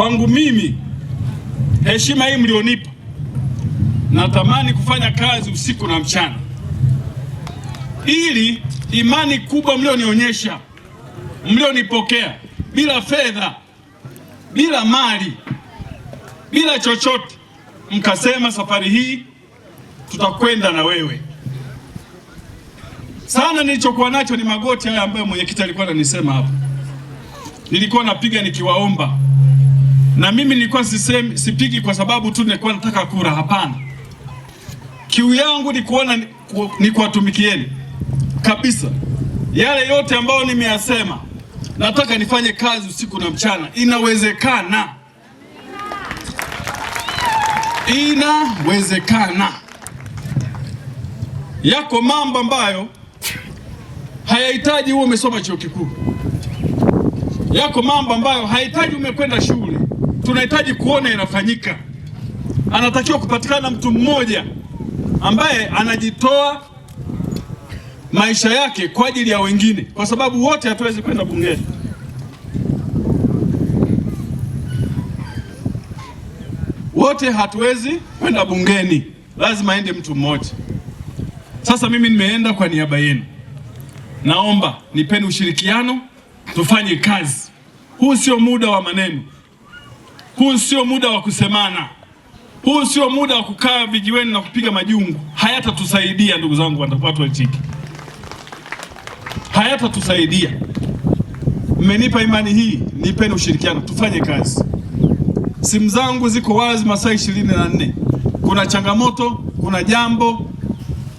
Kwangu mimi heshima hii mlionipa, natamani kufanya kazi usiku na mchana, ili imani kubwa mlionionyesha, mlionipokea bila fedha, bila mali, bila chochote, mkasema safari hii tutakwenda na wewe sana. Nilichokuwa nacho ni magoti haya ambayo mwenyekiti alikuwa ananisema hapa, nilikuwa napiga nikiwaomba na mimi nilikuwa sisemi, sipigi kwa sababu tu nilikuwa nataka kura, hapana. Kiu yangu ni kuona ni kuwatumikieni kabisa. Yale yote ambayo nimeyasema, nataka nifanye kazi usiku na mchana. Inawezekana, inawezekana. Yako mambo ambayo hayahitaji uwe umesoma chuo kikuu, yako mambo ambayo hayahitaji umekwenda shule tunahitaji kuona inafanyika. Anatakiwa kupatikana mtu mmoja ambaye anajitoa maisha yake kwa ajili ya wengine, kwa sababu wote hatuwezi kwenda bungeni. Wote hatuwezi kwenda bungeni, lazima aende mtu mmoja. Sasa mimi nimeenda kwa niaba yenu, naomba nipeni ushirikiano, tufanye kazi. Huu sio muda wa maneno. Huu sio muda wa kusemana, huu sio muda wa kukaa vijiweni na kupiga majungu. Hayatatusaidia ndugu zangu, watu wa Itigi, hayatatusaidia. Mmenipa imani hii, nipeni ushirikiano, tufanye kazi. Simu zangu ziko wazi masaa ishirini na nne. Kuna changamoto, kuna jambo,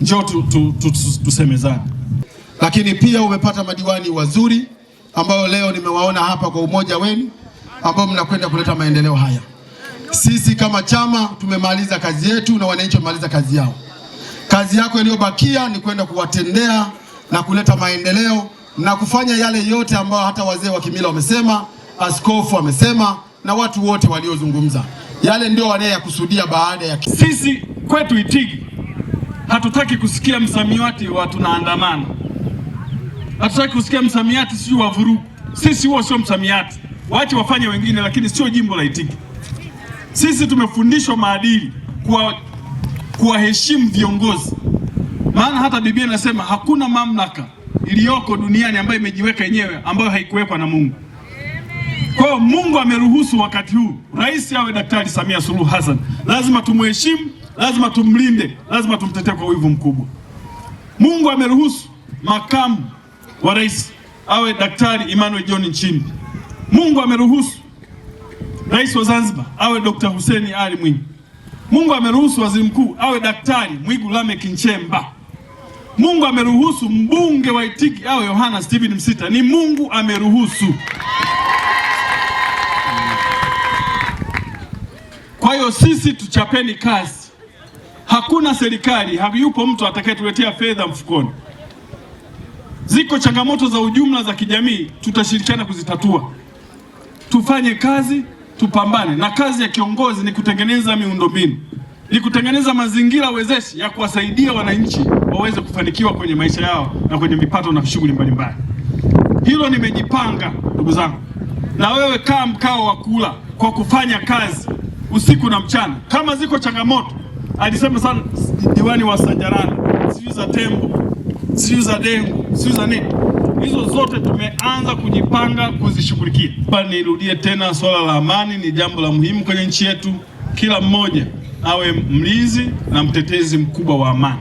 njoo tu, tu, tu, tu, lakini pia umepata madiwani wazuri ambao leo nimewaona hapa kwa umoja wenu ambao mnakwenda kuleta maendeleo haya. Sisi kama chama tumemaliza kazi yetu na wananchi wamemaliza kazi yao. Kazi yako iliyobakia ni kwenda kuwatendea na kuleta maendeleo na kufanya yale yote ambayo hata wazee wa kimila wamesema, askofu wamesema na watu wote waliozungumza. Yale ndio wanayoyakusudia baada ya sisi. Kwetu Itigi hatutaki kusikia msamiati wa tunaandamana, hatutaki kusikia msamiati sijui wa vurugu. Sisi huo sio msamiati waache wafanye wengine, lakini sio jimbo la Itigi. Sisi tumefundishwa maadili, kuwaheshimu viongozi, maana hata Biblia inasema hakuna mamlaka iliyoko duniani ambayo imejiweka yenyewe ambayo haikuwekwa na Mungu. Kwa hiyo Mungu ameruhusu wakati huu rais awe Daktari Samia Suluhu Hassan, lazima tumuheshimu, lazima tumlinde, lazima tumtetee kwa wivu mkubwa. Mungu ameruhusu makamu wa rais awe Daktari Emmanuel John Nchimbi. Mungu ameruhusu Rais wa Zanzibar awe Dr. Hussein Ali Mwinyi. Mungu ameruhusu Waziri Mkuu awe Daktari Mwigu Lameck Nchemba. Mungu ameruhusu mbunge wa Itigi awe Yohana stephen Msita. Ni Mungu ameruhusu. Kwa hiyo sisi tuchapeni kazi. Hakuna serikali, hayupo mtu atakayetuletea fedha mfukoni. Ziko changamoto za ujumla za kijamii, tutashirikiana kuzitatua tufanye kazi, tupambane. Na kazi ya kiongozi ni kutengeneza miundombinu, ni kutengeneza mazingira wezeshi ya kuwasaidia wananchi waweze kufanikiwa kwenye maisha yao na kwenye mipato na shughuli mbalimbali. Hilo nimejipanga ndugu zangu, na wewe kaa mkao wa kula kwa kufanya kazi usiku na mchana. Kama ziko changamoto, alisema sana diwani wa Sajarani, sijui za tembo, sijui za dengu, sijui za nini hizo zote tumeanza kujipanga kuzishughulikia. Nirudie tena, swala la amani ni jambo la muhimu kwenye nchi yetu. Kila mmoja awe mlinzi na mtetezi mkubwa wa amani.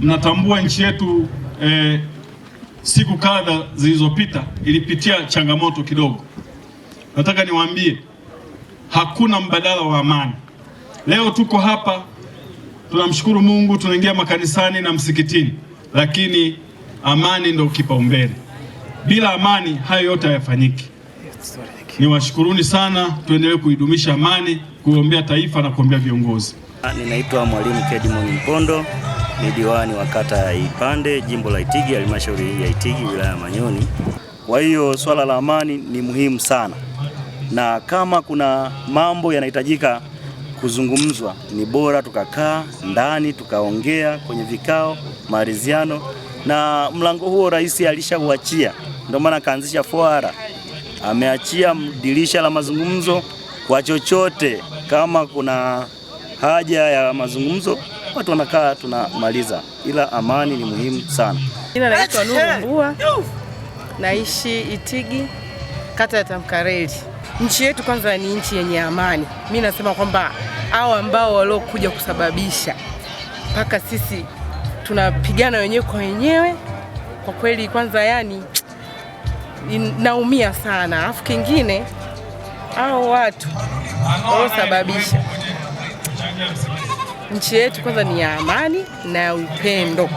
Mnatambua nchi yetu eh, siku kadha zilizopita ilipitia changamoto kidogo. Nataka niwaambie hakuna mbadala wa amani. Leo tuko hapa tunamshukuru Mungu, tunaingia makanisani na msikitini, lakini amani ndio kipaumbele. Bila amani hayo yote hayafanyiki. Niwashukuruni sana, tuendelee kuidumisha amani, kuombea taifa na kuombea viongozi. Ninaitwa Mwalimu Kedmon Mpondo, ni diwani wa kata ya Ipande, jimbo la Itigi, halmashauri ya Itigi, wilaya ya Manyoni. Kwa hiyo swala la amani ni muhimu sana, na kama kuna mambo yanahitajika kuzungumzwa, ni bora tukakaa ndani tukaongea kwenye vikao, maridhiano na mlango huo rais alishauachia, ndio maana akaanzisha foara, ameachia dirisha la mazungumzo kwa chochote. Kama kuna haja ya mazungumzo, watu wanakaa tunamaliza, ila amani ni muhimu sana. Jina naitwa Nuru Mbua, naishi Itigi, kata ya Tamkareli. Nchi yetu kwanza ni nchi yenye amani. Mi nasema kwamba hao ambao waliokuja kusababisha mpaka sisi tunapigana wenyewe kwa wenyewe. Kwa kweli, kwanza yani naumia sana, alafu kingine hao watu waosababisha nchi yetu kwanza ni ya amani na ya upendo.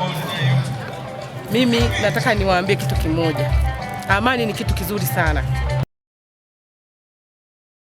Mimi nataka niwaambie kitu kimoja, amani ni kitu kizuri sana.